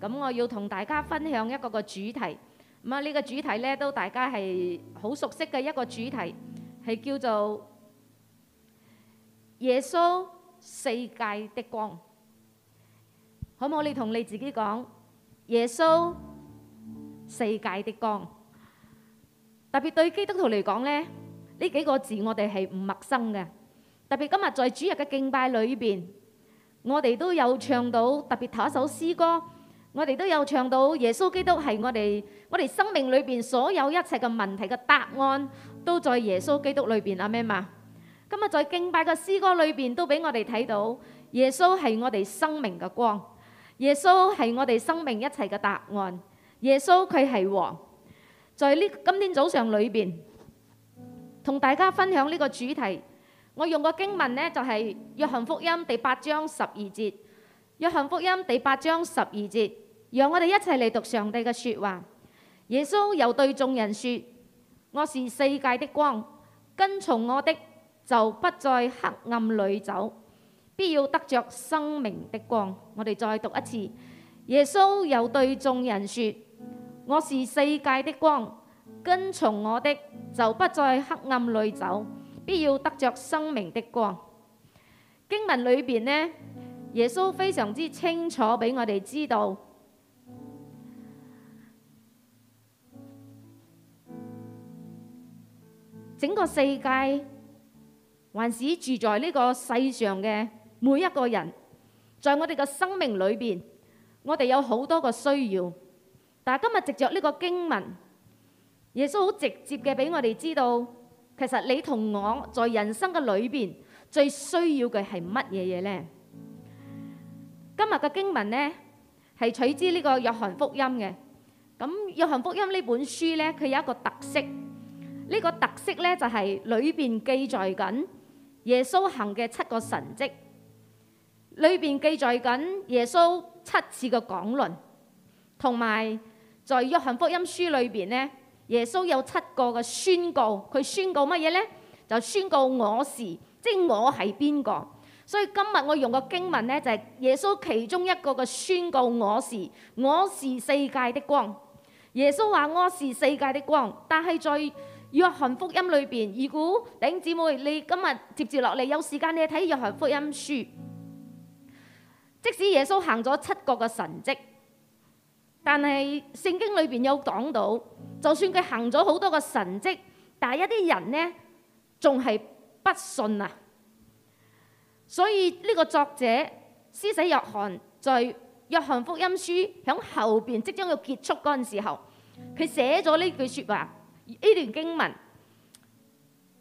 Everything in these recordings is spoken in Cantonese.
咁我要同大家分享一個個主題，咁啊呢個主題呢都大家係好熟悉嘅一個主題，係叫做耶穌世界的光。可唔可以同你自己講耶穌世界的光？特別對基督徒嚟講呢，呢幾個字我哋係唔陌生嘅。特別今日在主日嘅敬拜裏邊，我哋都有唱到特別頭一首詩歌。我哋都有唱到耶穌基督係我哋，我哋生命裏邊所有一切嘅問題嘅答案，都在耶穌基督裏邊。阿們嘛，今日在敬拜嘅詩歌裏邊都俾我哋睇到，耶穌係我哋生命嘅光，耶穌係我哋生命一切嘅答案，耶穌佢係王。在呢今天早上裏邊，同大家分享呢個主題，我用個經文呢就係約翰福音第八章十二節。約翰福音第八章十二節，讓我哋一齊嚟讀上帝嘅說話。耶穌又對眾人說：我是世界的光，跟從我的就不在黑暗裏走，必要得着生命的光。我哋再讀一次。耶穌又對眾人說：我是世界的光，跟從我的就不在黑暗裏走，必要得着生命的光。經文裏邊呢？耶穌非常之清楚俾我哋知道，整個世界還是住在呢個世上嘅每一個人，在我哋嘅生命裏邊，我哋有好多嘅需要。但係今日藉着呢個經文，耶穌好直接嘅俾我哋知道，其實你同我，在人生嘅裏邊最需要嘅係乜嘢嘢呢？今日嘅經文呢，係取之呢個約翰福音嘅。咁約翰福音呢本書呢，佢有一個特色，呢個特色呢，就係裏邊記載緊耶穌行嘅七個神跡，裏邊記載緊耶穌七次嘅講論，同埋在約翰福音書裏邊呢，耶穌有七個嘅宣告，佢宣告乜嘢呢？就宣告我是，即我係邊個。所以今日我用個經文呢，就係、是、耶穌其中一個嘅宣告，我是，我是世界的光。耶穌話我是世界的光，但係在約翰福音裏邊，弟兄姊妹你今日接住落嚟有時間，你睇約翰福音書。即使耶穌行咗七個嘅神跡，但係聖經裏邊有講到，就算佢行咗好多個神跡，但係一啲人呢，仲係不信啊。所以呢、這個作者施洗約翰在約翰福音書響後邊即將要結束嗰陣時候，佢寫咗呢句說話，呢段經文，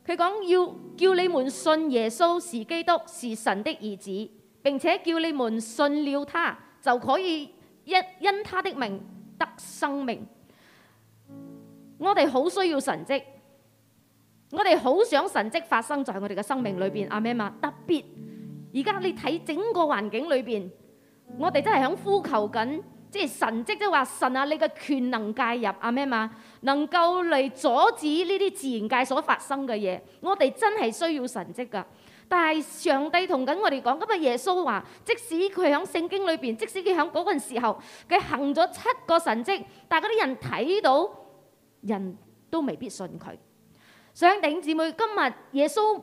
佢講要叫你們信耶穌是基督，是神的兒子，並且叫你們信了他就可以因因他的名得生命。我哋好需要神蹟，我哋好想神蹟發生在我哋嘅生命裏邊，阿媽嘛特別。而家你睇整個環境裏邊，我哋真係響呼求緊，即係神蹟，即係話神啊！你嘅權能介入啊咩嘛，能夠嚟阻止呢啲自然界所發生嘅嘢。我哋真係需要神蹟噶。但係上帝同緊我哋講，今日耶穌話，即使佢喺聖經裏邊，即使佢喺嗰陣時候，佢行咗七個神蹟，但嗰啲人睇到人都未必信佢。上頂姊妹，今日耶穌。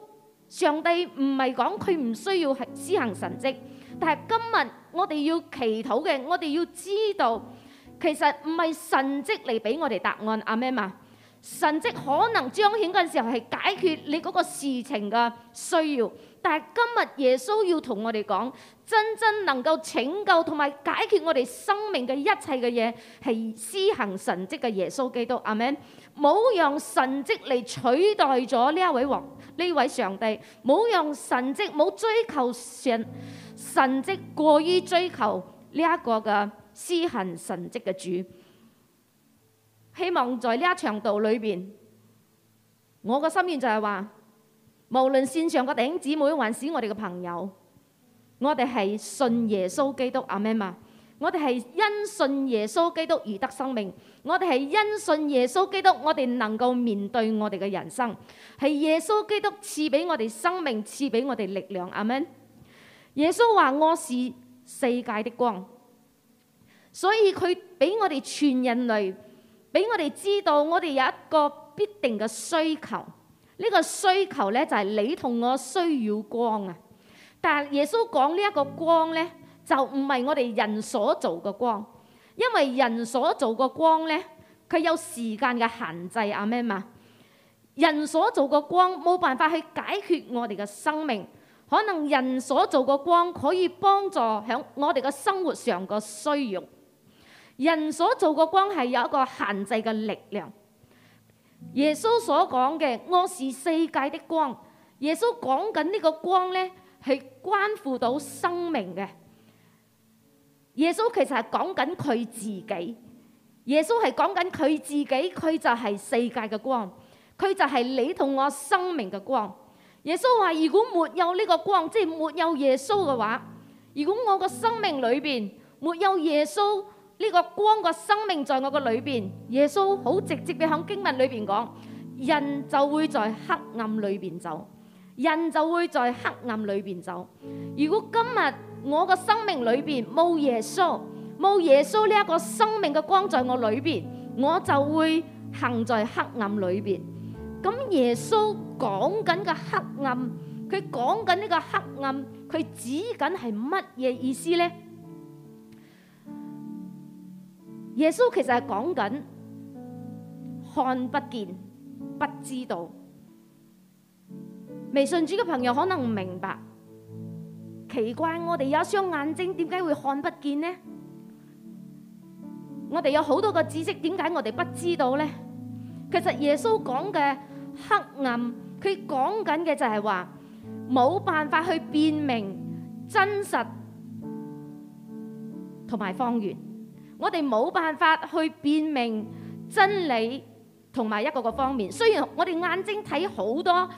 上帝唔係講佢唔需要施行神蹟，但係今日我哋要祈禱嘅，我哋要知道其實唔係神蹟嚟俾我哋答案。阿咩嘛，神蹟可能彰顯嘅時候係解決你嗰個事情嘅需要。但係今日耶穌要同我哋講，真正能夠拯救同埋解決我哋生命嘅一切嘅嘢，係施行神蹟嘅耶穌基督。阿門，唔好讓神蹟嚟取代咗呢一位王，呢位上帝。唔好讓神蹟，唔好追求神神蹟，過於追求呢一個嘅施行神蹟嘅主。希望在呢一場道裏邊，我嘅心願就係話。無論線上個弟兄姊妹，還是我哋嘅朋友，我哋係信耶穌基督，阿們嘛，我哋係因信耶穌基督而得生命，我哋係因信耶穌基督，我哋能夠面對我哋嘅人生，係耶穌基督賜俾我哋生命，賜俾我哋力量，阿們。耶穌話我是世界的光，所以佢俾我哋全人類俾我哋知道，我哋有一個必定嘅需求。呢個需求呢，就係、是、你同我需要光啊！但耶穌講呢一個光呢，就唔係我哋人所做嘅光，因為人所做嘅光呢，佢有時間嘅限制、Amen、啊咩嘛？人所做嘅光冇辦法去解決我哋嘅生命，可能人所做嘅光可以幫助響我哋嘅生活上個需要，人所做嘅光係有一個限制嘅力量。耶穌所講嘅，我是世界的光。耶穌講緊呢個光呢係關乎到生命嘅。耶穌其實係講緊佢自己。耶穌係講緊佢自己，佢就係世界嘅光，佢就係你同我生命嘅光。耶穌話：如果沒有呢個光，即係沒有耶穌嘅話，如果我個生命裏邊沒有耶穌。呢個光個生命在我個裏邊，耶穌好直接地喺經文裏邊講：人就會在黑暗裏邊走，人就會在黑暗裏邊走。如果今日我個生命裏邊冇耶穌，冇耶穌呢一個生命嘅光在我裏邊，我就會行在黑暗裏邊。咁耶穌講緊嘅黑暗，佢講緊呢個黑暗，佢指緊係乜嘢意思呢？耶穌其實係講緊看不見、不知道。微信主嘅朋友可能唔明白，奇怪我哋有一雙眼睛，點解會看不見呢？我哋有好多個知識，點解我哋不知道呢？其實耶穌講嘅黑暗，佢講緊嘅就係話冇辦法去辨明真實同埋方圓。我哋冇辦法去辨明真理同埋一個個方面。雖然我哋眼睛睇好多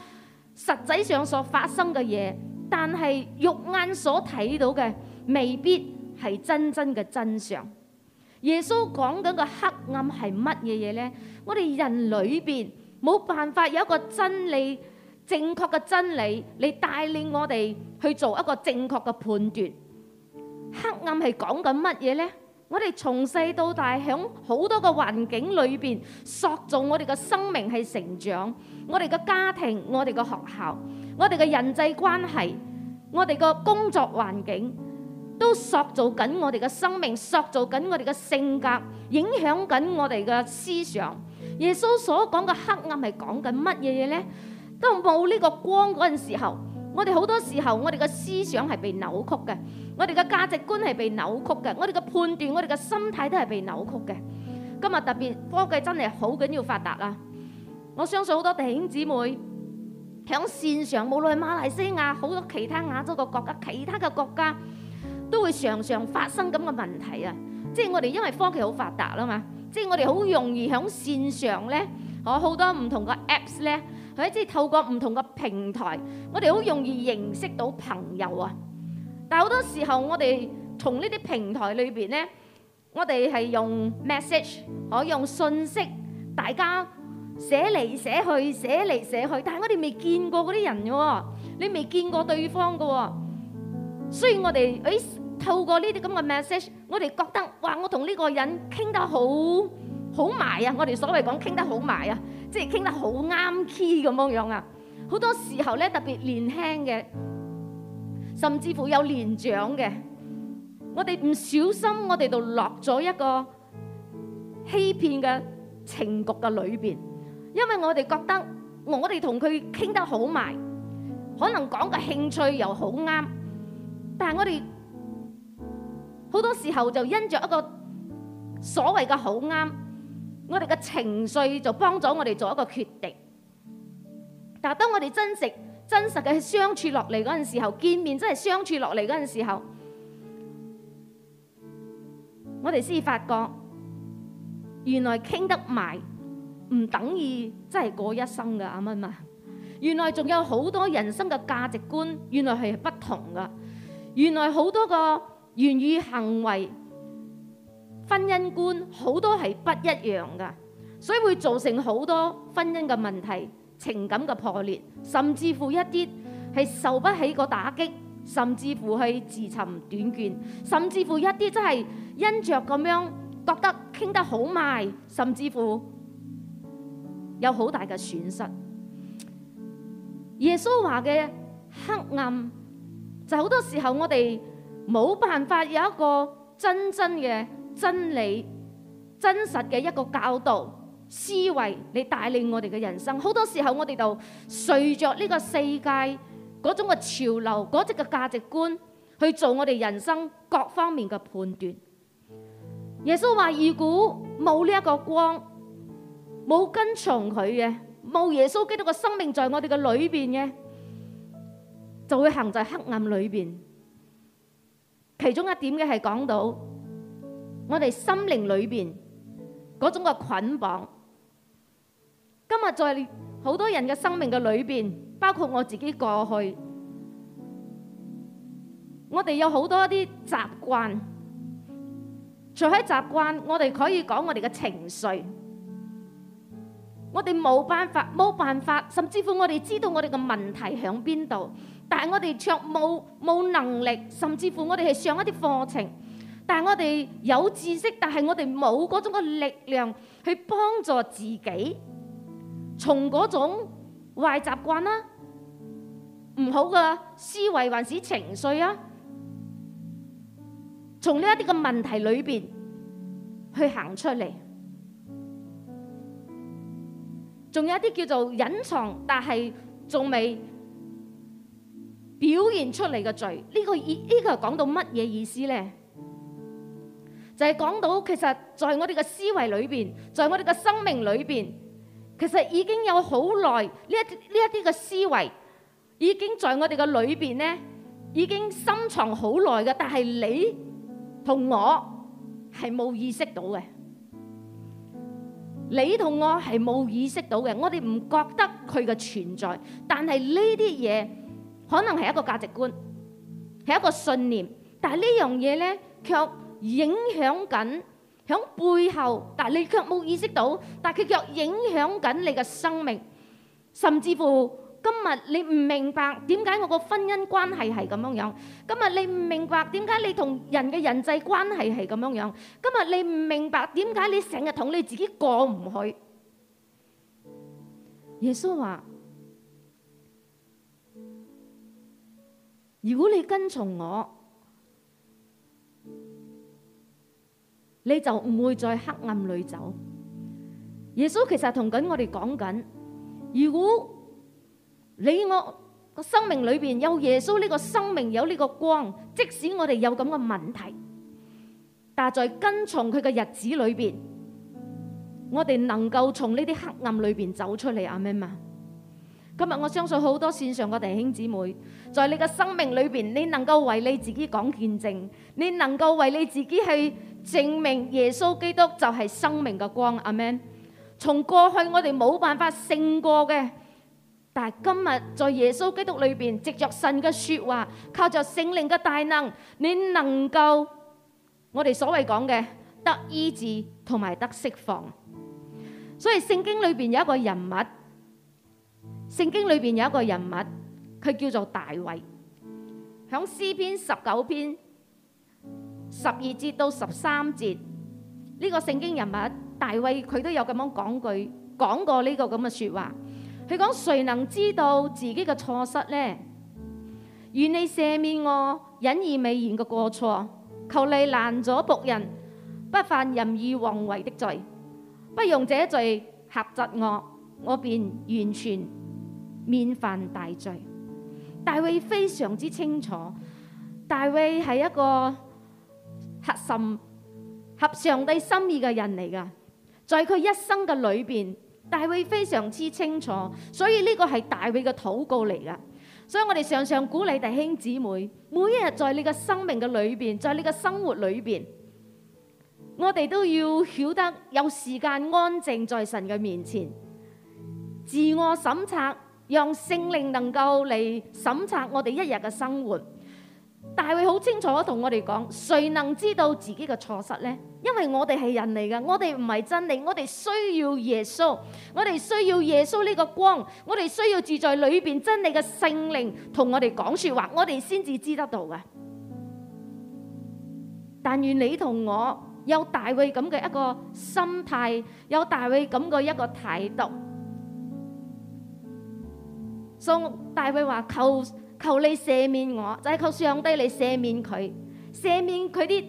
實際上所發生嘅嘢，但係肉眼所睇到嘅未必係真真嘅真相。耶穌講緊個黑暗係乜嘢嘢呢？我哋人裏邊冇辦法有一個真理，正確嘅真理嚟帶領我哋去做一個正確嘅判斷。黑暗係講緊乜嘢呢？我哋從細到大，喺好多個環境裏邊塑造我哋嘅生命係成長。我哋嘅家庭、我哋嘅學校、我哋嘅人際關係、我哋嘅工作環境，都塑造緊我哋嘅生命，塑造緊我哋嘅性格，影響緊我哋嘅思想。耶穌所講嘅黑暗係講緊乜嘢嘢呢？都冇呢個光嗰陣時候，我哋好多時候，我哋嘅思想係被扭曲嘅。我哋嘅價值觀係被扭曲嘅，我哋嘅判斷，我哋嘅心態都係被扭曲嘅。今日特別科技真係好緊要發達啦！我相信好多弟兄姊妹響線上，無論馬來西亞好多其他亞洲嘅國家、其他嘅國家，都會常常發生咁嘅問題啊！即係我哋因為科技好發達啦嘛，即係我哋好容易響線上呢，我好多唔同嘅 Apps 咧，喺即係透過唔同嘅平台，我哋好容易認識到朋友啊！但好多時候，我哋從呢啲平台裏邊呢，我哋係用 message，我、啊、用信息，大家寫嚟寫去，寫嚟寫去，但係我哋未見過嗰啲人嘅喎、哦，你未見過對方嘅喎、哦。雖然我哋誒、哎、透過呢啲咁嘅 message，我哋覺得哇，我同呢個人傾得好好埋啊！我哋所謂講傾得好埋啊，即係傾得好啱 key 咁樣樣啊。好多時候呢，特別年輕嘅。甚至乎有年長嘅，我哋唔小心，我哋就落咗一個欺騙嘅情局嘅裏邊，因為我哋覺得我哋同佢傾得好埋，可能講嘅興趣又好啱，但係我哋好多時候就因着一個所謂嘅好啱，我哋嘅情緒就幫咗我哋做一個決定。但係當我哋珍惜。真實嘅相處落嚟嗰陣時候，見面真係相處落嚟嗰陣時候，我哋先發覺原來傾得埋唔等於真係過一生㗎。啱唔啱？原來仲有好多人生嘅價值觀，原來係不同嘅。原來好多個言語行為、婚姻觀，好多係不一樣嘅，所以會造成好多婚姻嘅問題。情感嘅破裂，甚至乎一啲係受不起個打擊，甚至乎係自尋短見，甚至乎一啲真係因着咁樣覺得傾得好埋，甚至乎有好大嘅損失。耶穌話嘅黑暗，就好多時候我哋冇辦法有一個真真嘅真理、真實嘅一個教導。思維嚟帶領我哋嘅人生，好多時候我哋就隨著呢個世界嗰種嘅潮流，嗰隻嘅價值觀去做我哋人生各方面嘅判斷。耶穌話：如果冇呢一個光，冇跟從佢嘅，冇耶穌基督嘅生命在我哋嘅裏邊嘅，就會行在黑暗裏邊。其中一點嘅係講到我哋心靈裏邊嗰種嘅捆綁。今日在好多人嘅生命嘅裏邊，包括我自己過去，我哋有好多一啲習慣，除喺習慣，我哋可以講我哋嘅情緒，我哋冇辦法，冇辦法，甚至乎我哋知道我哋嘅問題喺邊度，但係我哋卻冇冇能力，甚至乎我哋係上一啲課程，但係我哋有知識，但係我哋冇嗰種嘅力量去幫助自己。從嗰種壞習慣啦，唔好嘅思維還是情緒啊，從呢一啲嘅問題裏邊去行出嚟，仲有一啲叫做隱藏，但係仲未表現出嚟嘅罪，呢、呢個意呢、呢個講到乜嘢意思呢？就係、是、講到其實在，在我哋嘅思維裏邊，在我哋嘅生命裏邊。其實已經有好耐呢一呢一啲嘅思維已經在我哋嘅裏邊呢，已經深藏好耐嘅，但係你同我係冇意識到嘅。你同我係冇意識到嘅，我哋唔覺得佢嘅存在，但係呢啲嘢可能係一個價值觀，係一個信念，但係呢樣嘢呢，卻影響緊。喺背後，但你卻冇意識到，但佢卻影響緊你嘅生命，甚至乎今日你唔明白點解我個婚姻關係係咁樣樣，今日你唔明白點解你同人嘅人際關係係咁樣樣，今日你唔明白點解你成日同你自己過唔去。耶穌話：如果你跟從我。你就唔會再黑暗裏走。耶穌其實同緊我哋講緊，如果你我個生命裏邊有耶穌呢個生命有呢個光，即使我哋有咁嘅問題，但係在跟從佢嘅日子裏邊，我哋能夠從呢啲黑暗裏邊走出嚟。阿們，今日我相信好多線上嘅弟兄姊妹，在你嘅生命裏邊，你能夠為你自己講見證，你能夠為你自己去。證明耶穌基督就係生命嘅光，阿門。從過去我哋冇辦法勝過嘅，但係今日在耶穌基督裏邊，藉着神嘅說話，靠着聖靈嘅大能，你能夠我哋所謂講嘅得醫治同埋得釋放。所以聖經裏邊有一個人物，聖經裏邊有一個人物，佢叫做大衛，響詩篇十九篇。十二節到十三節，呢、這個聖經人物大衛，佢都有咁樣講句講過呢個咁嘅説話。佢講，誰能知道自己嘅錯失呢？願你赦免我隱而未然嘅過錯，求你攔阻僕人不犯任意妄為的罪，不容這罪轄制我，我便完全免犯大罪。大衛非常之清楚，大衛係一個。合神，合上帝心意嘅人嚟噶，在佢一生嘅裏邊，大衛非常之清楚，所以呢個係大衛嘅禱告嚟噶。所以我哋常常鼓勵弟兄姊妹，每一日在你嘅生命嘅裏邊，在你嘅生活裏邊，我哋都要曉得有時間安靜在神嘅面前，自我審查，讓聖靈能夠嚟審查我哋一日嘅生活。大衛好清楚，同我哋講：誰能知道自己嘅錯失呢？因為我哋係人嚟㗎，我哋唔係真理，我哋需要耶穌，我哋需要耶穌呢個光，我哋需要住在裏邊真理嘅聖靈同我哋講說話，我哋先至知得到嘅。但願你同我有大衛咁嘅一個心態，有大衛咁嘅一個態度。所以，so，大衛話求。求你赦免我，就係求上帝你赦免佢，赦免佢啲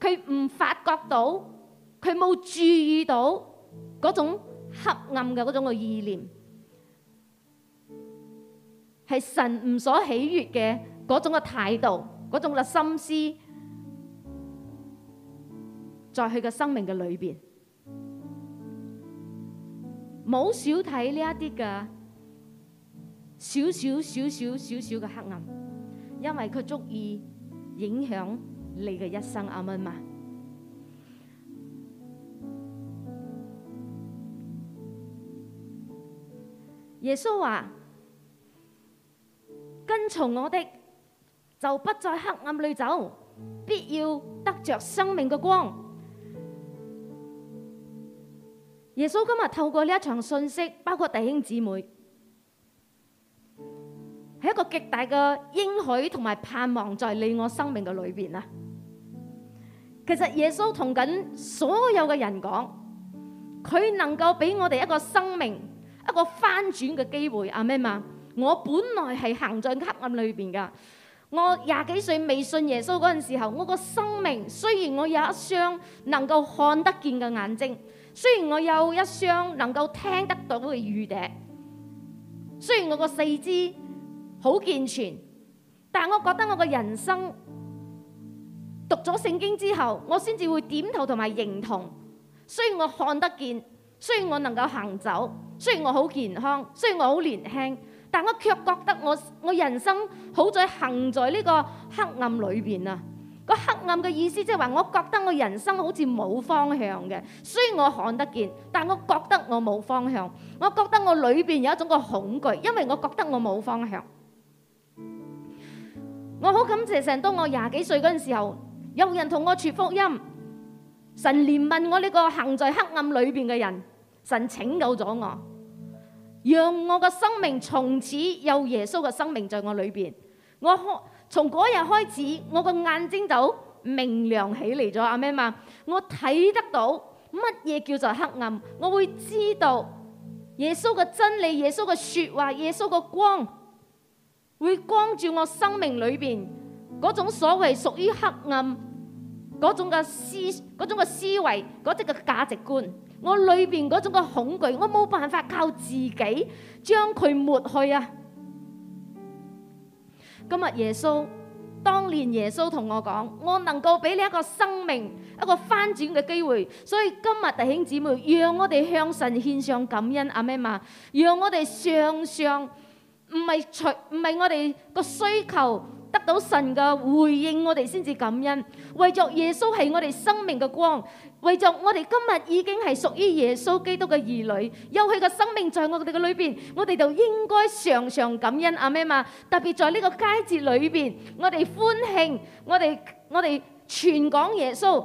佢唔發覺到、佢冇注意到嗰種黑暗嘅嗰種嘅意念，係神唔所喜悅嘅嗰種嘅態度、嗰種嘅心思，在佢嘅生命嘅裏邊，冇少睇呢一啲㗎。少少少少少少嘅黑暗，因為佢足以影響你嘅一生，啱唔啱嘛？耶穌話：跟從我的，就不在黑暗裏走，必要得着生命嘅光。耶穌今日透過呢一場信息，包括弟兄姊妹。係一個極大嘅應許同埋盼望，在你我生命嘅裏邊啊！其實耶穌同緊所有嘅人講，佢能夠俾我哋一個生命一個翻轉嘅機會，阿門嘛？我本來係行在黑暗裏邊噶，我廿幾歲未信耶穌嗰陣時候，我個生命雖然我有一雙能夠看得見嘅眼睛，雖然我有一雙能夠聽得到嘅耳朵，雖然我個四肢，好健全，但我覺得我嘅人生讀咗聖經之後，我先至會點頭同埋認同。雖然我看得見，雖然我能夠行走，雖然我好健康，雖然我好年輕，但我卻覺得我我人生好在行在呢個黑暗裏邊啊！個黑暗嘅意思即係話，我覺得我人生好似冇方向嘅。雖然我看得見，但我覺得我冇方向。我覺得我裏邊有一種個恐懼，因為我覺得我冇方向。我好感謝神，當我廿幾歲嗰陣時候，有人同我傳福音，神憐憫我呢個行在黑暗裏邊嘅人，神拯救咗我，讓我嘅生命從此有耶穌嘅生命在我裏邊。我從嗰日開始，我個眼睛就明亮起嚟咗。阿咩嘛，我睇得到乜嘢叫做黑暗，我會知道耶穌嘅真理、耶穌嘅說話、耶穌嘅光。會光照我生命裏邊嗰種所謂屬於黑暗嗰種嘅思嗰種嘅思維嗰隻嘅價值觀，我裏邊嗰種嘅恐懼，我冇辦法靠自己將佢抹去啊！今日耶穌當年耶穌同我講，我能夠俾你一個生命一個翻轉嘅機會，所以今日弟兄姊妹，讓我哋向神獻上感恩，阿咩嘛，讓我哋常常。唔係除，唔係我哋個需求得到神嘅回應，我哋先至感恩。為著耶穌係我哋生命嘅光，為著我哋今日已經係屬於耶穌基督嘅兒女，有佢嘅生命在我哋嘅裏邊，我哋就應該常常感恩，阿們嘛。特別在呢個佳節裏邊，我哋歡慶，我哋我哋傳講耶穌。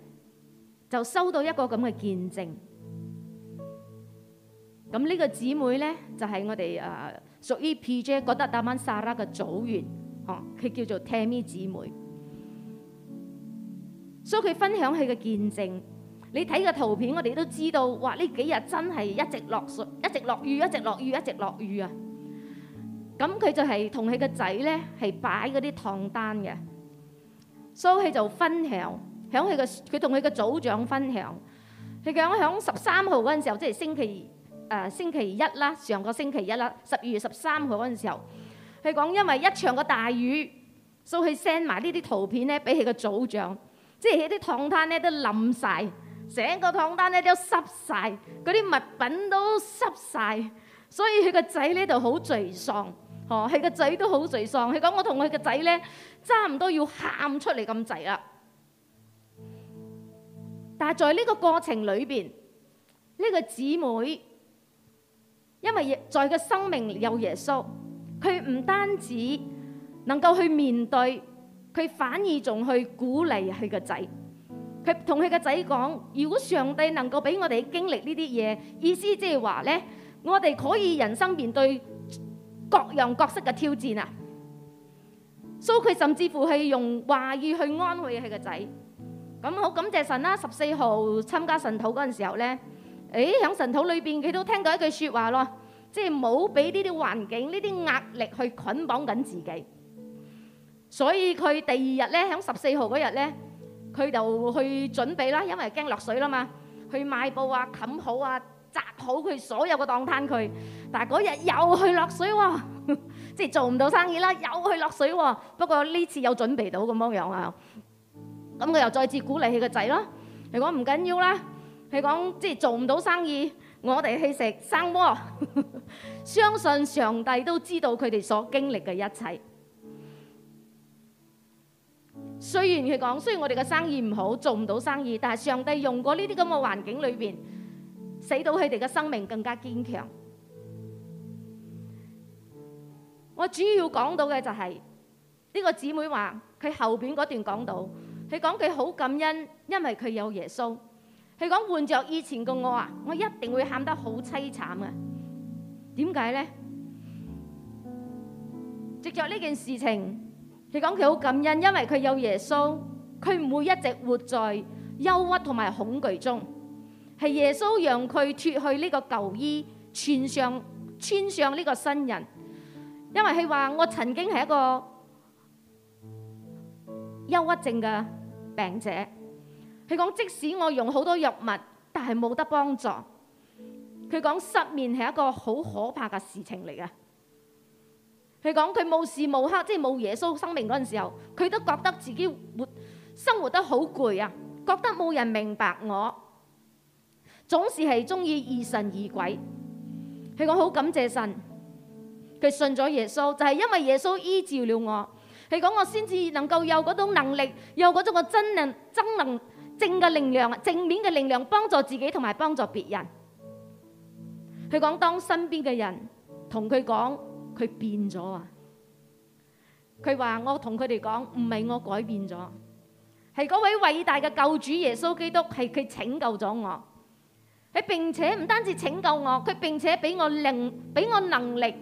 就收到一個咁嘅見證。咁呢個姊妹咧，就係我哋誒屬於 PJ 覺得達曼沙拉嘅組員，哦，佢叫做 Tammy 姊妹，所以佢分享佢嘅見證。你睇個圖片，我哋都知道，哇！呢幾日真係一直落水，一直落雨，一直落雨，一直落雨啊！咁佢就係同佢個仔咧，係擺嗰啲湯單嘅，所以佢就分享。喺佢個佢同佢個組長分享，佢講喺十三號嗰陣時候，即係星期誒、呃、星期一啦，上個星期一啦，十二月十三號嗰陣時候，佢講因為一場個大雨，所以 send 埋呢啲圖片咧俾佢個組長，即係啲躺單咧都冧晒，成個躺單咧都濕晒，嗰啲物品都濕晒。所以佢個仔呢就好沮喪，哦，佢個仔都好沮喪，佢講我同佢個仔咧差唔多要喊出嚟咁滯啦。但係在呢個過程裏邊，呢個姊妹因為在佢生命有耶穌，佢唔單止能夠去面對，佢反而仲去鼓勵佢個仔。佢同佢個仔講：如果上帝能夠俾我哋經歷呢啲嘢，意思即係話呢，我哋可以人生面對各樣各式嘅挑戰啊！所以佢甚至乎係用話語去安慰佢個仔。咁好，感謝神啦、啊！十四號參加神土嗰陣時候呢，誒、哎、喺神土裏邊，佢都聽到一句説話咯，即係冇俾呢啲環境、呢啲壓力去捆綁緊自己。所以佢第二日呢，喺十四號嗰日呢，佢就去準備啦，因為驚落水啦嘛，去買布啊、冚好啊、紮好佢所有嘅檔攤佢。但係嗰日又去落水喎、啊，即係做唔到生意啦，又去落水喎、啊。不過呢次有準備到咁樣樣啊。咁佢又再次鼓勵佢個仔咯。佢講唔緊要啦，佢講即係做唔到生意，我哋去食生鍋。相信上帝都知道佢哋所經歷嘅一切。雖然佢講，雖然我哋嘅生意唔好，做唔到生意，但係上帝用過呢啲咁嘅環境裏邊，使到佢哋嘅生命更加堅強。我主要講到嘅就係呢個姊妹話，佢後邊嗰段講到。佢講佢好感恩，因為佢有耶穌。佢講，換着以前嘅我啊，我一定會喊得好淒慘啊！點解呢？藉着，呢件事情，佢講佢好感恩，因為佢有耶穌，佢唔會一直活在憂鬱同埋恐懼中。係耶穌讓佢脫去呢個舊衣，穿上穿上呢個新人。因為佢話我曾經係一個憂鬱症嘅。病者，佢講，即使我用好多藥物，但係冇得幫助。佢講失眠係一個好可怕嘅事情嚟嘅。佢講佢無時無刻，即係冇耶穌生命嗰陣時候，佢都覺得自己活生活得好攰啊，覺得冇人明白我，總是係中意疑神疑鬼。佢講好感謝神，佢信咗耶穌，就係、是、因為耶穌依照了我。佢講：我先至能夠有嗰種能力，有嗰種嘅真能、真能正嘅力量、正面嘅力量，幫助自己同埋幫助別人。佢講：當身邊嘅人同佢講，佢變咗啊！佢話：我同佢哋講，唔係我改變咗，係嗰位偉大嘅救主耶穌基督，係佢拯救咗我。佢並且唔單止拯救我，佢並且俾我能，俾我能力，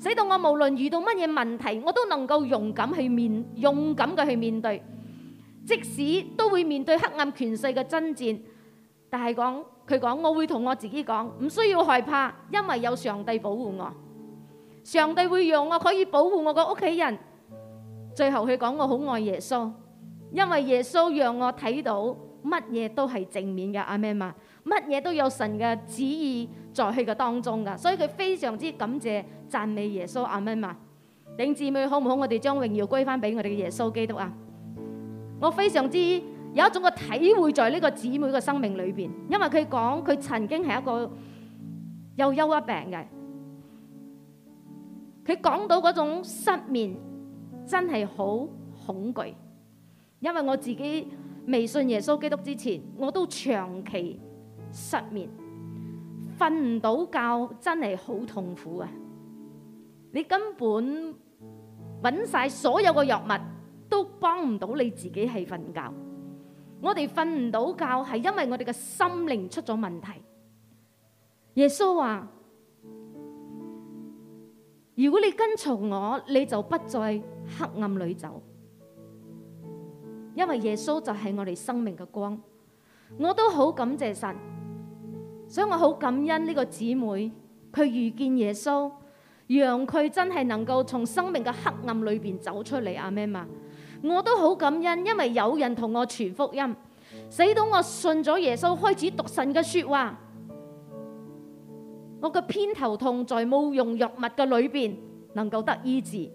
使到我無論遇到乜嘢問題，我都能夠勇敢去面勇敢嘅去面對，即使都會面對黑暗權勢嘅爭戰。但係講佢講，我會同我自己講，唔需要害怕，因為有上帝保護我。上帝會讓我可以保護我個屋企人。最後佢講我好愛耶穌，因為耶穌讓我睇到乜嘢都係正面嘅，阿們嘛，乜嘢都有神嘅旨意在佢嘅當中㗎，所以佢非常之感謝。讚美耶穌阿們嘛、啊，頂姊妹好唔好？我哋將榮耀歸翻俾我哋嘅耶穌基督啊！我非常之有一種嘅體會在呢個姊妹嘅生命裏邊，因為佢講佢曾經係一個又憂鬱病嘅，佢講到嗰種失眠真係好恐懼，因為我自己未信耶穌基督之前，我都長期失眠，瞓唔到覺，真係好痛苦啊！你根本揾晒所有嘅藥物都幫唔到你自己係瞓覺。我哋瞓唔到覺係因為我哋嘅心靈出咗問題。耶穌話：如果你跟從我，你就不再黑暗裏走。因為耶穌就係我哋生命嘅光。我都好感謝神，所以我好感恩呢個姊妹，佢遇見耶穌。讓佢真係能夠從生命嘅黑暗裏邊走出嚟，阿們啊。我都好感恩，因為有人同我傳福音，使到我信咗耶穌，開始讀神嘅說話。我嘅偏頭痛在冇用藥物嘅裏邊能夠得醫治。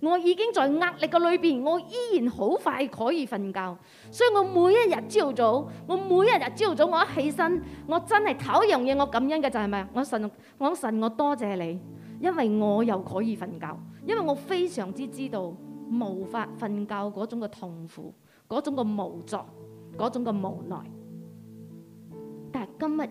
我已經在壓力嘅裏邊，我依然好快可以瞓覺。所以我每一日朝早，我每一日朝早，我一起身，我真係第一樣嘢，我感恩嘅就係、是、咪？我神，我神，我多謝你。因為我又可以瞓覺，因為我非常之知道無法瞓覺嗰種嘅痛苦，嗰種嘅無助，嗰種嘅無奈。但係今日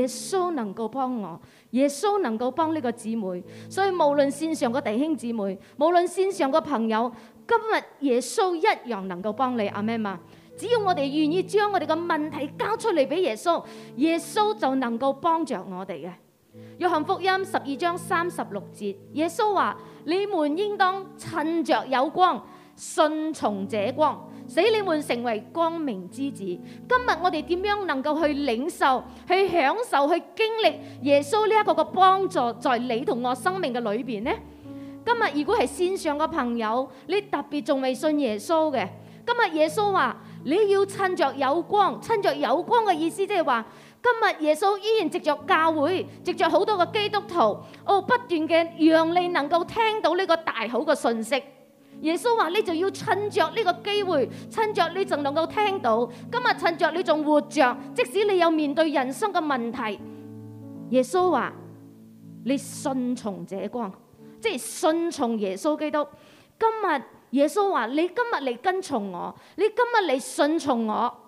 耶穌能夠幫我，耶穌能夠幫呢個姊妹，所以無論線上嘅弟兄姊妹，無論線上嘅朋友，今日耶穌一樣能夠幫你。阿們嘛，只要我哋願意將我哋嘅問題交出嚟俾耶穌，耶穌就能夠幫着我哋嘅。約翰福音十二章三十六節，耶穌話：你們應當趁着有光，信從這光，使你們成為光明之子。今日我哋點樣能夠去領受、去享受、去經歷耶穌呢一個嘅幫助，在你同我生命嘅裏邊呢？今日如果係線上嘅朋友，你特別仲未信耶穌嘅，今日耶穌話：你要趁着有光，趁着有光嘅意思即係話。今日耶穌依然藉着教會，藉着好多嘅基督徒，哦，不斷嘅讓你能夠聽到呢個大好嘅信息。耶穌話：你就要趁著呢個機會，趁著你仲能夠聽到，今日趁著你仲活着，即使你有面對人生嘅問題，耶穌話：你信從這光，即係信從耶穌基督。今日耶穌話：你今日嚟跟從我，你今日嚟信從我。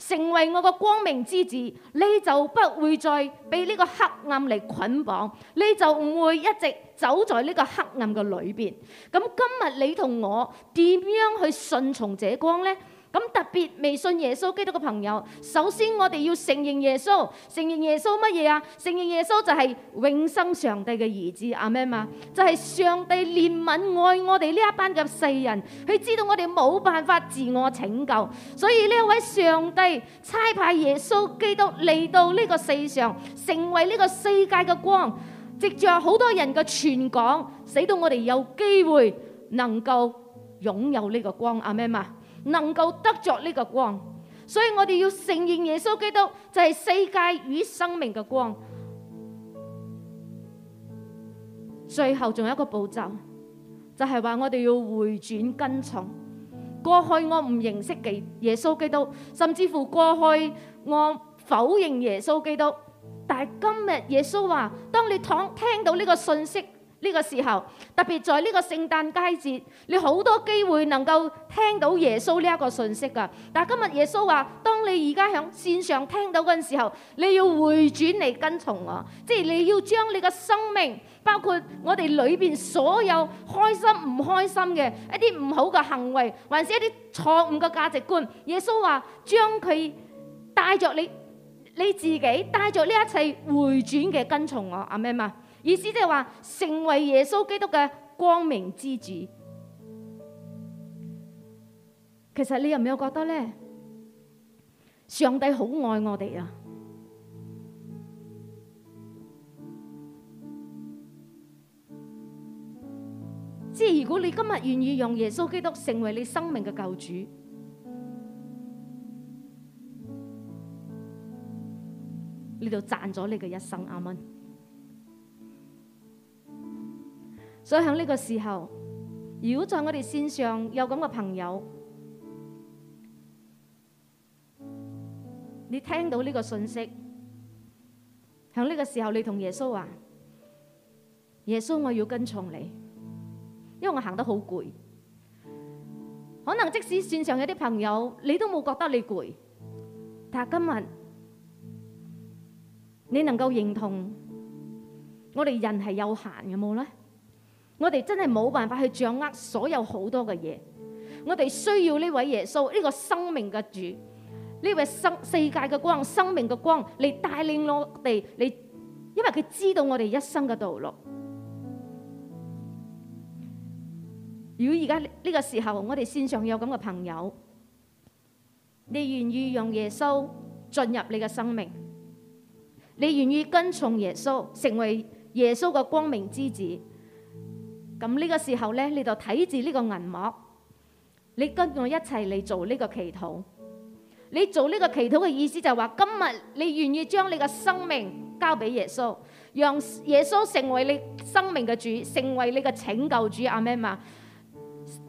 成為我嘅光明之子，你就不會再被呢個黑暗嚟捆綁，你就唔會一直走在呢個黑暗嘅裏面。咁今日你同我點樣去順從這光呢？咁特別未信耶穌基督嘅朋友，首先我哋要承認耶穌，承認耶穌乜嘢啊？承認耶穌就係永生上帝嘅兒子，阿咩嘛？就係上帝憐憫愛我哋呢一班嘅世人，佢知道我哋冇辦法自我拯救，所以呢一位上帝差派耶穌基督嚟到呢個世上，成為呢個世界嘅光，藉著好多人嘅傳講，使到我哋有機會能夠擁有呢個光，阿咩嘛？能夠得着呢個光，所以我哋要承認耶穌基督就係世界與生命嘅光。最後仲有一個步驟，就係話我哋要回轉跟從。過去我唔認識嘅耶穌基督，甚至乎過去我否認耶穌基督。但係今日耶穌話：「當你躺聽到呢個訊息。呢個時候，特別在呢個聖誕佳節，你好多機會能夠聽到耶穌呢一個訊息噶。但係今日耶穌話，當你而家響線上聽到嗰陣時候，你要回轉嚟跟從我，即係你要將你嘅生命，包括我哋裏邊所有開心唔開心嘅一啲唔好嘅行為，還是一啲錯誤嘅價值觀，耶穌話將佢帶着你，你自己帶着呢一切回轉嘅跟從我。阿媽咪。意思即係話，成為耶穌基督嘅光明之主。其實你有唔有覺得呢？上帝好愛我哋啊！即係如果你今日願意讓耶穌基督成為你生命嘅救主，你就賺咗你嘅一生，阿們。所以喺呢個時候，如果在我哋線上有咁嘅朋友，你聽到呢個信息，喺呢個時候你同耶穌話：耶穌，我要跟從你，因為我行得好攰。可能即使線上有啲朋友，你都冇覺得你攰，但係今日你能夠認同我哋人係有限嘅冇呢？我哋真係冇辦法去掌握所有好多嘅嘢，我哋需要呢位耶穌呢個生命嘅主，呢位生世界嘅光、生命嘅光嚟帶領我哋嚟，因為佢知道我哋一生嘅道路。如果而家呢個時候，我哋線上有咁嘅朋友，你願意讓耶穌進入你嘅生命？你願意跟從耶穌，成為耶穌嘅光明之子？咁呢個時候呢，你就睇住呢個銀幕，你跟我一齊嚟做呢個祈禱。你做呢個祈禱嘅意思就係話，今日你願意將你嘅生命交俾耶穌，讓耶穌成為你生命嘅主，成為你嘅拯救主。阿們嘛，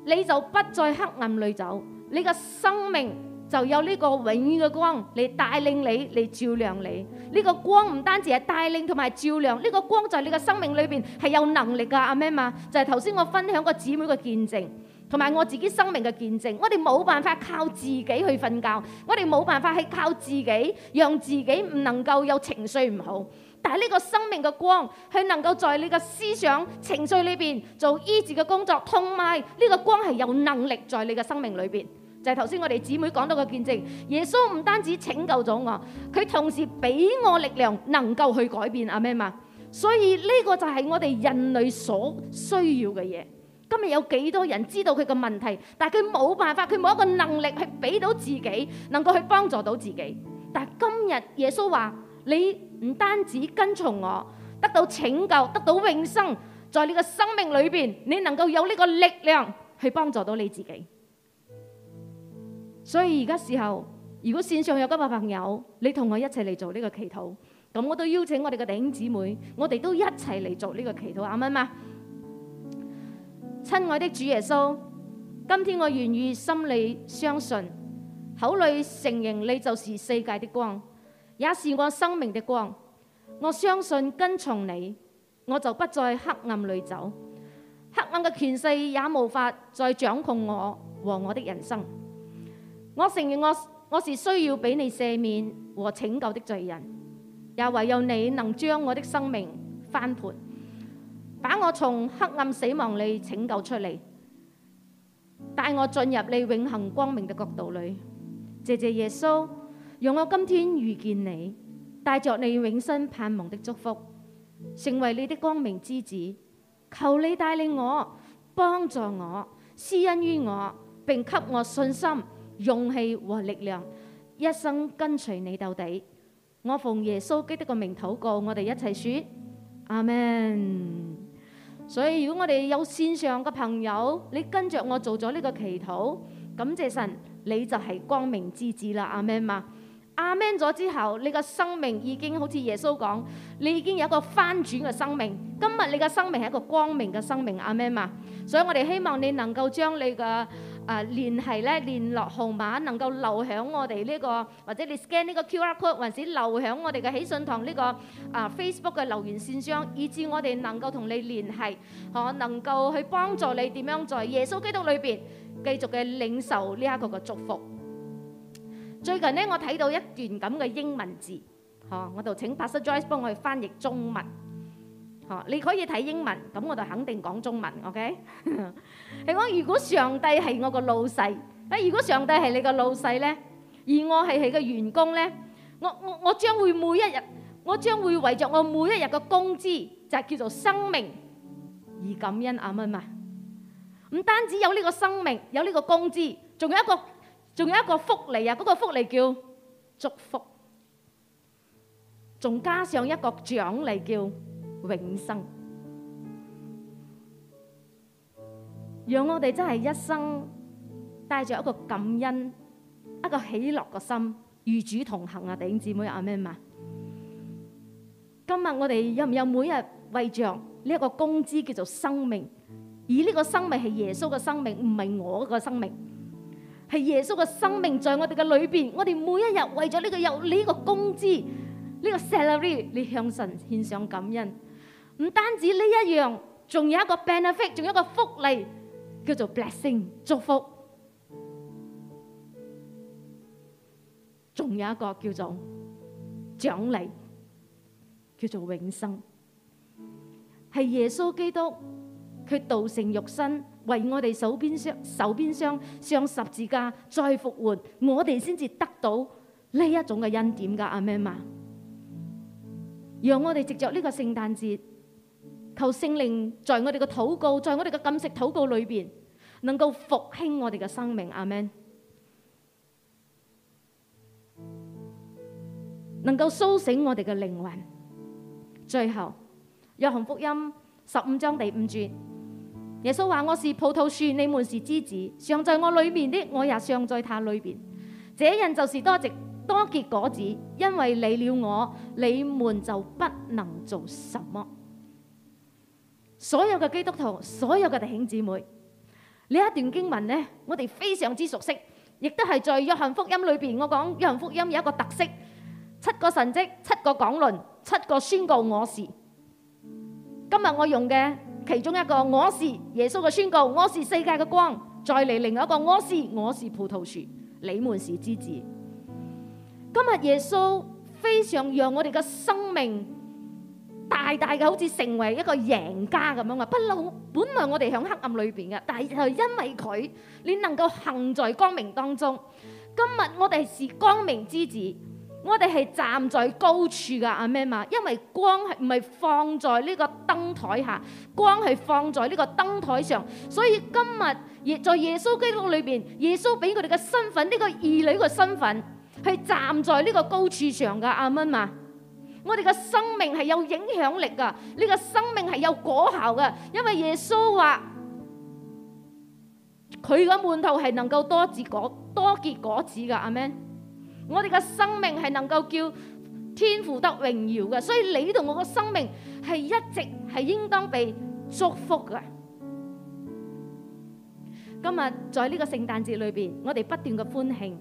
你就不再黑暗裏走，你嘅生命。就有呢個永遠嘅光嚟帶領你，嚟照亮你。呢個光唔單止係帶領同埋照亮，呢個光在你嘅生命裏邊係有能力噶。阿媽嘛，就係頭先我分享個姊妹嘅見證，同埋我自己生命嘅見證。我哋冇辦法靠自己去瞓覺，我哋冇辦法係靠自己讓自己唔能夠有情緒唔好。但係呢個生命嘅光，佢能夠在你嘅思想情緒裏邊做醫治嘅工作，同埋呢個光係有能力在你嘅生命裏邊。就係頭先我哋姊妹講到嘅見證，耶穌唔單止拯救咗我，佢同時俾我力量能夠去改變阿咩嘛，所以呢個就係我哋人類所需要嘅嘢。今日有幾多人知道佢嘅問題，但係佢冇辦法，佢冇一個能力去俾到自己能夠去幫助到自己。但係今日耶穌話：你唔單止跟從我，得到拯救，得到永生，在你嘅生命裏邊，你能夠有呢個力量去幫助到你自己。所以而家時候，如果線上有今日朋友，你同我一齊嚟做呢個祈禱，咁我都邀請我哋嘅弟兄姊妹，我哋都一齊嚟做呢個祈禱，啱唔啱啊？親愛的主耶穌，今天我願意心裏相信、口裏承認，你就是世界的光，也是我生命的光。我相信跟從你，我就不再黑暗裏走，黑暗嘅權勢也無法再掌控我和我的人生。我承認我我是需要俾你赦免和拯救的罪人，也唯有你能將我的生命翻盤，把我從黑暗死亡裏拯救出嚟，帶我進入你永恒光明嘅國度裏。謝謝耶穌，讓我今天遇見你，帶着你永生盼望的祝福，成為你的光明之子。求你帶領我，幫助我，施恩於我，並給我信心，勇氣和力量，一生跟隨你到底。我奉耶穌基督嘅名禱告，我哋一齊說阿門。所以如果我哋有線上嘅朋友，你跟着我做咗呢個祈禱，感謝神，你就係光明之子啦，阿門嘛。阿門咗之後，你個生命已經好似耶穌講，你已經有一個翻轉嘅生命。今日你嘅生命係一個光明嘅生命，阿門嘛。所以我哋希望你能夠將你嘅。啊！聯繫咧，聯絡號碼能夠留響我哋呢個，或者你 scan 呢個 QR code，還是留響我哋嘅喜信堂呢個啊 Facebook 嘅留言信箱，以至我哋能夠同你聯繫，嚇、啊、能夠去幫助你點樣在耶穌基督裏邊繼續嘅領受呢一個嘅祝福。最近呢，我睇到一段咁嘅英文字，嚇、啊，我就請 Pastor Joyce 幫我去翻譯中文。你可以睇英文，咁我就肯定講中文。OK？係我如果上帝係我個老細，啊，如果上帝係你個老細咧，而我係佢嘅員工咧，我我我將會每一日，我將會為着我每一日嘅工資就係叫做生命而感恩。阿蚊啊，唔單止有呢個生命，有呢個工資，仲有一個仲有一個福利啊！嗰個福利叫祝福，仲加上一個獎勵叫。永生，讓我哋真係一生帶着一個感恩、一個喜樂個心，與主同行啊！弟兄姊妹啊，咩嘛？今日我哋有唔有每日為着呢一個工資叫做生命？而呢個生命係耶穌嘅生命，唔係我個生命，係耶穌嘅生命在我哋嘅裏邊。我哋每一日為咗呢個有呢個工資，呢個 salary，你向神獻上感恩。唔單止呢一樣，仲有一個 benefit，仲有一個福利，叫做 blessing，祝福。仲有一個叫做獎勵，叫做永生。係耶穌基督佢道成肉身，為我哋受鞭傷受鞭傷，上十字架再復活，我哋先至得到呢一種嘅恩典噶。阿們啊，讓我哋藉着呢個聖誕節。求聖靈在我哋嘅禱告，在我哋嘅禁食禱告裏邊，能夠復興我哋嘅生命，阿門。能夠甦醒我哋嘅靈魂。最後，約翰福音十五章第五節，耶穌話：我是葡萄樹，你們是枝子。常在我裏面的，我也常在他裏面。這人就是多結多結果子，因為離了我，你們就不能做什麼。所有嘅基督徒，所有嘅弟兄姊妹，呢一段經文呢，我哋非常之熟悉，亦都係在約翰福音裏邊。我講約翰福音有一個特色，七個神蹟，七個講論，七個宣告我是。今日我用嘅其中一個，我是耶穌嘅宣告，我是世界嘅光。再嚟另外一個，我是我是葡萄樹，你們是枝子。今日耶穌非常讓我哋嘅生命。大大嘅好似成為一個贏家咁樣啊！不嬲，本來我哋響黑暗裏邊嘅，但係就因為佢，你能夠行在光明當中。今日我哋是光明之子，我哋係站在高處噶，阿咩嘛？因為光唔係放在呢個燈台下，光係放在呢個燈台上。所以今日在耶穌基督裏邊，耶穌俾佢哋嘅身份，呢、這個義女嘅身份，係站在呢個高處上噶，阿蚊嘛？我哋嘅生命係有影響力噶呢個生命係有果效噶因為耶穌話佢嘅門徒係能夠多結果多結果子噶，Amen，我哋嘅生命係能夠叫天父得榮耀嘅，所以你同我嘅生命係一直係應當被祝福嘅。今日在呢個聖誕節裏邊，我哋不斷嘅歡慶，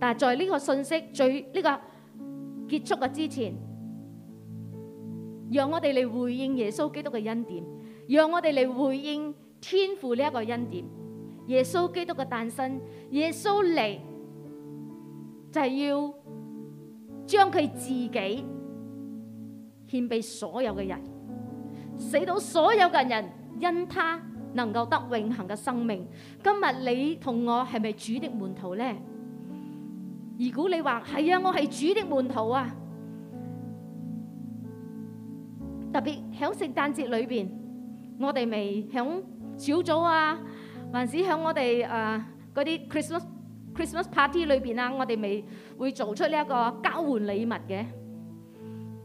但係在呢個信息最呢個。結束嘅之前，讓我哋嚟回應耶穌基督嘅恩典，讓我哋嚟回應天父呢一個恩典。耶穌基督嘅誕生，耶穌嚟就係要將佢自己獻俾所有嘅人，使到所有嘅人因他能夠得永恆嘅生命。今日你同我係咪主的門徒呢？如果你話係啊，我係主的門徒啊，特別喺聖誕節裏邊，我哋咪響小組啊，還是響我哋誒嗰啲 Christmas Christmas party 裏邊啊，我哋咪會做出呢一個交換禮物嘅。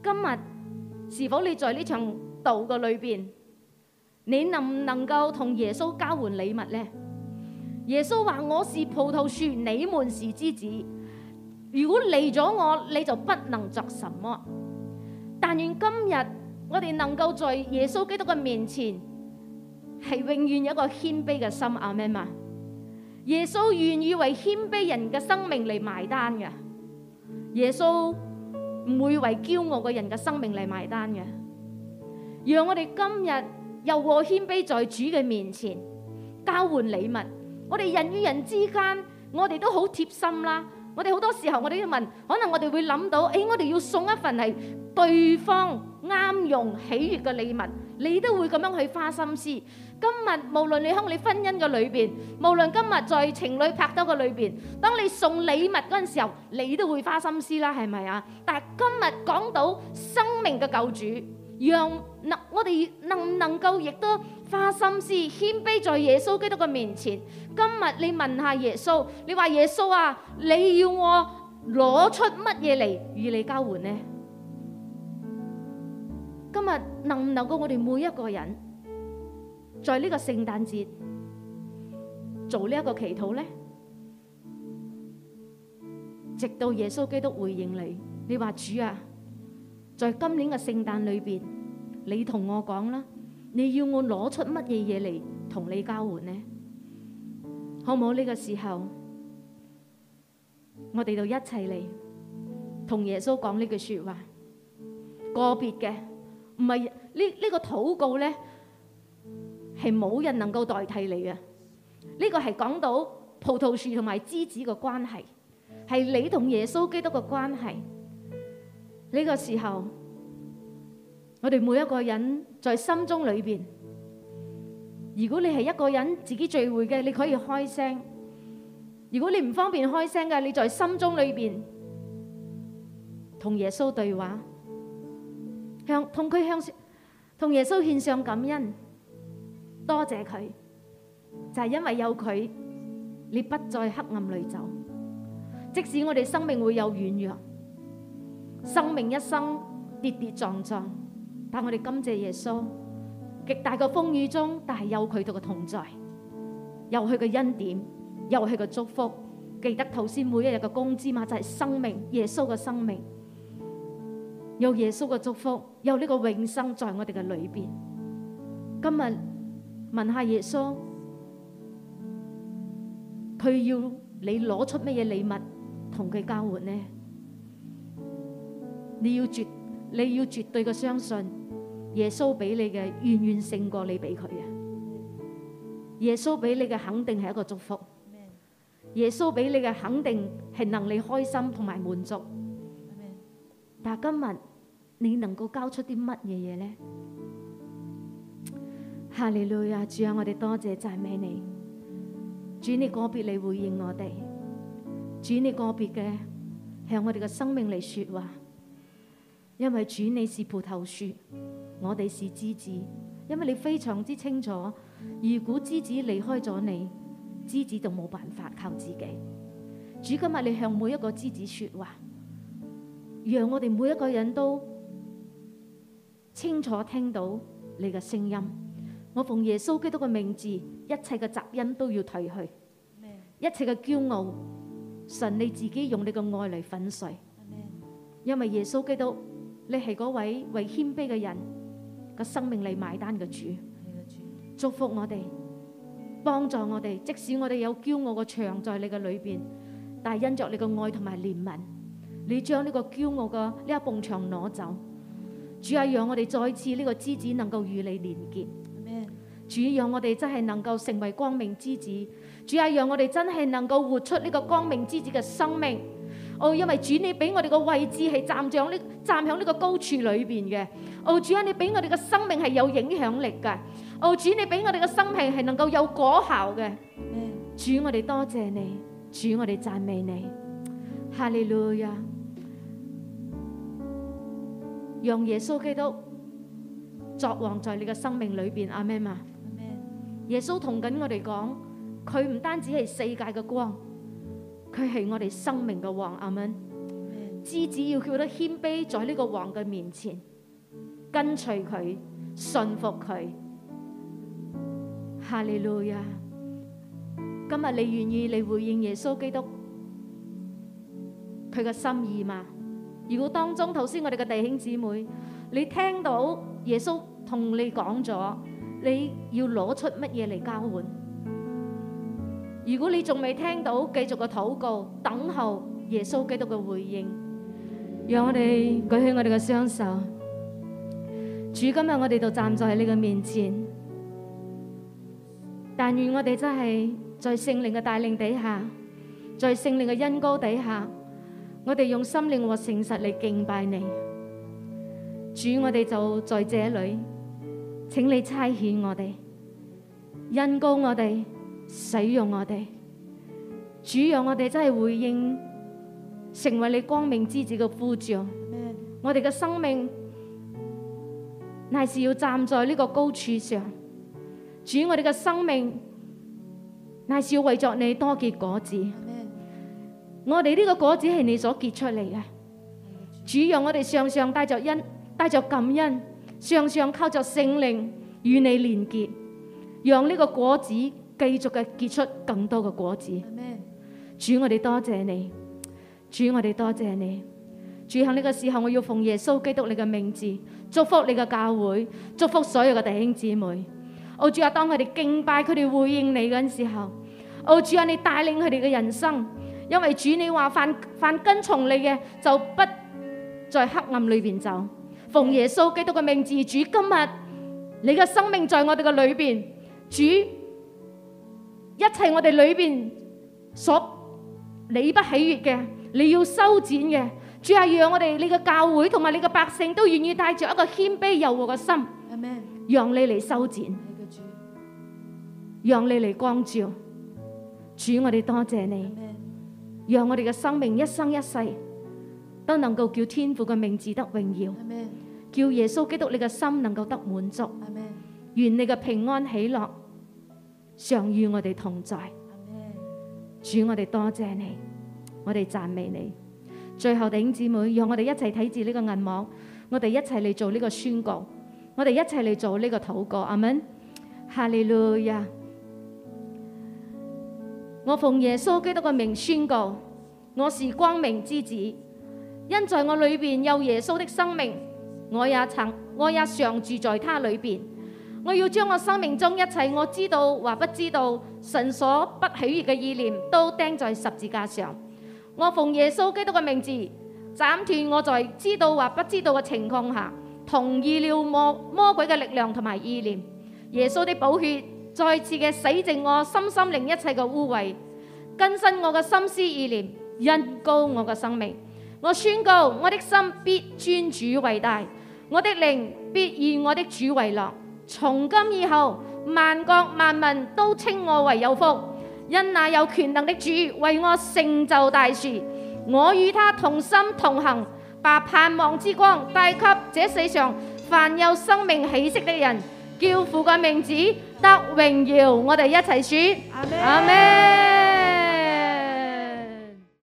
今日是否你在呢場道嘅裏邊，你能唔能夠同耶穌交換禮物呢？耶穌話：我是葡萄樹，你們是枝子。如果離咗我，你就不能作什麼。但願今日我哋能夠在耶穌基督嘅面前，係永遠有一個謙卑嘅心，阿門啊！耶穌願意為謙卑人嘅生命嚟埋單嘅，耶穌唔會為驕傲嘅人嘅生命嚟埋單嘅。讓我哋今日又和謙卑在主嘅面前交換禮物。我哋人與人之間，我哋都好貼心啦。我哋好多時候，我哋要問，可能我哋會諗到，誒、哎，我哋要送一份係對方啱用、喜悅嘅禮物，你都會咁樣去花心思。今日無論你喺你婚姻嘅裏邊，無論今日在情侶拍拖嘅裏邊，當你送禮物嗰陣時候，你都會花心思啦，係咪啊？但係今日講到生命嘅救主。讓能我哋能唔能夠亦都花心思謙卑在耶穌基督嘅面前？今日你問下耶穌，你話耶穌啊，你要我攞出乜嘢嚟與你交換呢？今日能唔能夠我哋每一個人在呢個聖誕節做呢一個祈禱呢？直到耶穌基督回應你，你話主啊，在今年嘅聖誕裏邊，你同我講啦，你要我攞出乜嘢嘢嚟同你交換呢？好唔好？呢個時候，我哋就一齊嚟同耶穌講呢句説話。個別嘅唔係呢呢個禱告咧，係冇人能夠代替你嘅。呢個係講到葡萄樹同埋枝子嘅關係，係你同耶穌基督嘅關係。呢個時候，我哋每一個人在心中裏邊，如果你係一個人自己聚會嘅，你可以開聲；如果你唔方便開聲嘅，你在心中裏邊同耶穌對話，向同佢向同耶穌獻上感恩，多謝佢，就係因為有佢，你不再黑暗裏走，即使我哋生命會有軟弱。生命一生跌跌撞撞，但係我哋感謝耶穌，極大嘅風雨中，但係有佢哋嘅同在，有佢嘅恩典，有佢嘅祝福。記得頭先每一日嘅工資嘛，就係生命耶穌嘅生命，有耶穌嘅祝福，有呢個永生在我哋嘅裏邊。今日問下耶穌，佢要你攞出乜嘢禮物同佢交換呢？你要絕你要絕對嘅相信耶穌俾你嘅，遠遠勝過你俾佢嘅。耶穌俾你嘅肯定係一個祝福，耶穌俾你嘅肯定係能令你開心同埋滿足。但係今日你能夠交出啲乜嘢嘢咧？哈利路亞，主啊，我哋多謝讚美你。主，你個別嚟回應我哋。主，你個別嘅向我哋嘅生命嚟說話。因為主你是葡萄樹，我哋是枝子。因為你非常之清楚，如果枝子離開咗你，枝子就冇辦法靠自己。主今日你向每一個枝子說話，讓我哋每一個人都清楚聽到你嘅聲音。我奉耶穌基督嘅名字，一切嘅雜音都要退去，一切嘅驕傲，神你自己用你嘅愛嚟粉碎。因為耶穌基督。你係嗰位為謙卑嘅人，個生命嚟埋單嘅主，祝福我哋，幫助我哋。即使我哋有驕傲嘅牆在你嘅裏面，但係因着你嘅愛同埋憐憫，你將呢個驕傲嘅呢一埲牆攞走。主啊，讓我哋再次呢個枝子能夠與你連結。咩？Amen. 主讓我哋真係能夠成為光明之子。主啊，讓我哋真係能夠活出呢個光明之子嘅生命。哦，因為主你俾我哋個位置係站喺呢站喺呢個高處裏邊嘅。哦，主啊，你俾我哋個生命係有影響力㗎。哦，主你俾我哋個生命係能夠有果效嘅。主，我哋多謝你，主，我哋讚美你，哈利路亞。讓耶穌基督作王在你嘅生命裏邊，阿門啊。耶穌同緊我哋講，佢唔單止係世界嘅光。佢係我哋生命嘅王，阿門。只要叫佢得謙卑，在呢個王嘅面前，跟隨佢，信服佢。哈利路亞！今日你願意嚟回應耶穌基督佢嘅心意嗎？如果當中頭先我哋嘅弟兄姊妹，你聽到耶穌同你講咗，你要攞出乜嘢嚟交換？如果你仲未聽到，繼續嘅禱告，等候耶穌基督嘅回應，讓我哋舉起我哋嘅雙手。主，今日我哋就站在你嘅面前，但願我哋真係在聖靈嘅帶領底下，在聖靈嘅恩膏底下，我哋用心靈和誠實嚟敬拜你。主，我哋就在這裏，請你差遣我哋，恩膏我，我哋。使用我哋，主讓我哋真係回應，成為你光明之子嘅呼召。Amen. 我哋嘅生命，乃是要站在呢個高處上。主，我哋嘅生命，乃是要為咗你多結果子。Amen. 我哋呢個果子係你所結出嚟嘅。主讓我哋常常帶着恩，帶着感恩，常常靠着聖靈與你連結，讓呢個果子。繼續嘅結出更多嘅果子。主，我哋多謝你，主我哋多謝你。主喺呢個時候，我要奉耶穌基督你嘅名字祝福你嘅教會，祝福所有嘅弟兄姊妹。奧主啊，當佢哋敬拜，佢哋回應你嗰陣時候，奧主啊，你帶領佢哋嘅人生，因為主你話犯犯跟從你嘅就不在黑暗裏面走。奉耶穌基督嘅名字，主今日你嘅生命在我哋嘅裏面，主。一切我哋裏邊所你不喜悅嘅，你要修剪嘅，主係讓我哋你嘅教會同埋你嘅百姓都願意帶着一個謙卑柔和嘅心。Amen. 讓你嚟修剪，讓你嚟光照，主我哋多謝你，Amen. 讓我哋嘅生命一生一世都能夠叫天父嘅名字得榮耀，Amen. 叫耶穌基督你嘅心能夠得滿足。Amen. 願你嘅平安喜樂。常與我哋同在，Amen. 主我哋多謝你，我哋讚美你。最後弟兄姊妹，讓我哋一齊睇住呢個銀幕，我哋一齊嚟做呢個宣告，我哋一齊嚟做呢個禱告，阿門。哈利路亞！我奉耶穌基督嘅名宣告，我是光明之子，因在我裏邊有耶穌的生命，我也曾，我也常住在他裏邊。我要將我生命中一切我知道或不知道神所不喜悅嘅意念，都釘在十字架上。我奉耶穌基督嘅名字斬斷我在知道或不知道嘅情況下同意了魔魔鬼嘅力量同埋意念。耶穌的寶血再次嘅洗淨我，身心靈一切嘅污穢更新我嘅心思意念，恩膏我嘅生命。我宣告，我的心必尊主為大，我的靈必以我的主為樂。從今以後，萬國萬民都稱我為有福，因那有權能的主為我成就大事，我與他同心同行，把盼望之光帶給這世上凡有生命氣息的人，叫父嘅名字得榮耀，我哋一齊説，阿們。阿們。